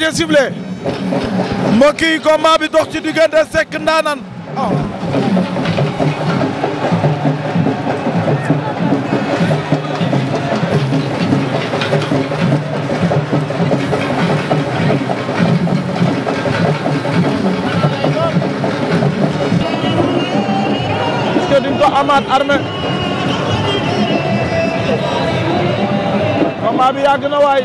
waaj a sifflé mbokk yi combat bi dox ci diggante Seck Ndanane oh. amaat armé combat bi yàgg na waay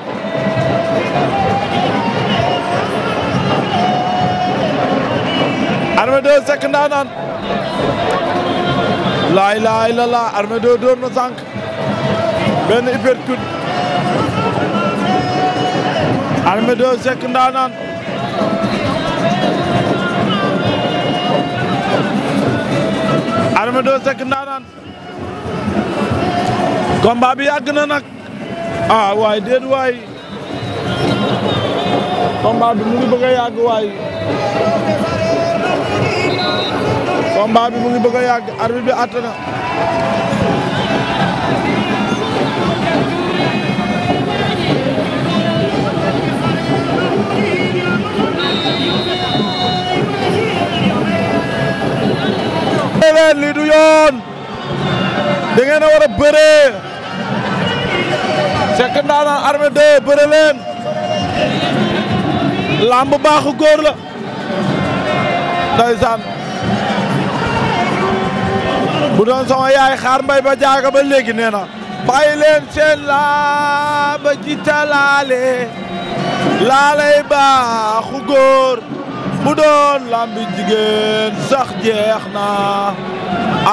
Armé 2 Seck Ndanane laa ilaaha illallah Armé 2 door na sànq benn bi yàgg na nag ah, waay déet waay combat bi mu ngi bëgg waay combat bi mu ngi bëgg a yàgg arbitre bi àtt na lii yoon da a war a bëree Seck Ndanane Armé 2 lamb baaxu góor la ndeysaan bu doon sama yaay xaar mbay ba jaaga ba léegi nee na bàyyi leen seen laa ba jita laale laalay baaxu góor bu doon lambi jigéen sax jeex na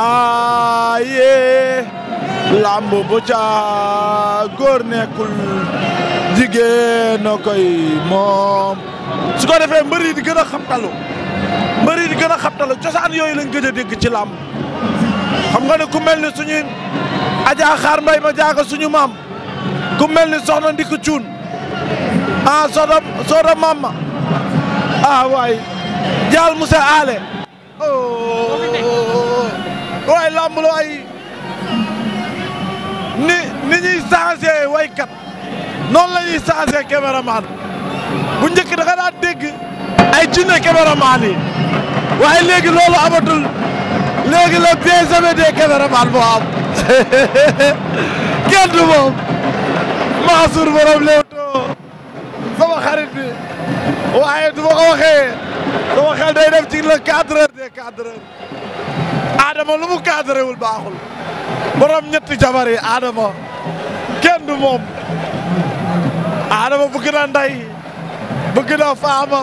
aaye lamb bu ca góor nekkul jigéen na moom su ko defee mbër di gën a xabtalu mbër di gën a xabtalu cosaan yooyu lañ gëj a dégg ci làmb xam nga ne ku mel ni suñuy Adja Xaar Mbay ma jaaga suñu maam ku mel ni soxna Ndikku Cuun ah soxna soxna maam ma ah waay jaal Musa Aale oh, waay làmb waay ni ni ñuy changé waykat noonu la ñuy changé caméraman bu njëkk da nga dégg ay jinne caméraman yi waaye léegi loolu amatul léegi la bien jamais des caméramans moo am kenn du moom Mansour borom Leewtoo sama xarit bi waaye du waxee sama xel day def ci le cadreur lu mu cadré wul baaxul borom ñetti jabar yi Adama kenn du moom Adama nday bëgg na faama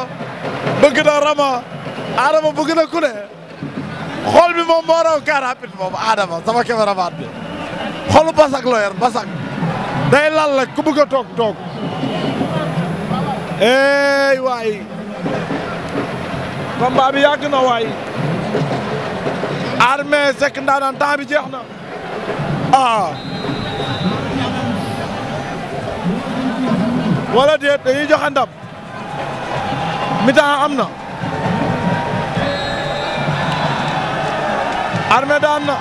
bëgg na rama Adama bëgg na ku xool bi moom moo raw car rapide moom Adama sama cameraman bi xolu basak loo basak day lal la ku bëgg a toog toog eey waay combat bi yàgg na waay Armé Seck ndaanaan temps bi jeex na ah wala déet dañuy joxe ndam mi temps am na Armé daan na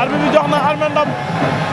Armé bi jox na Armé ndam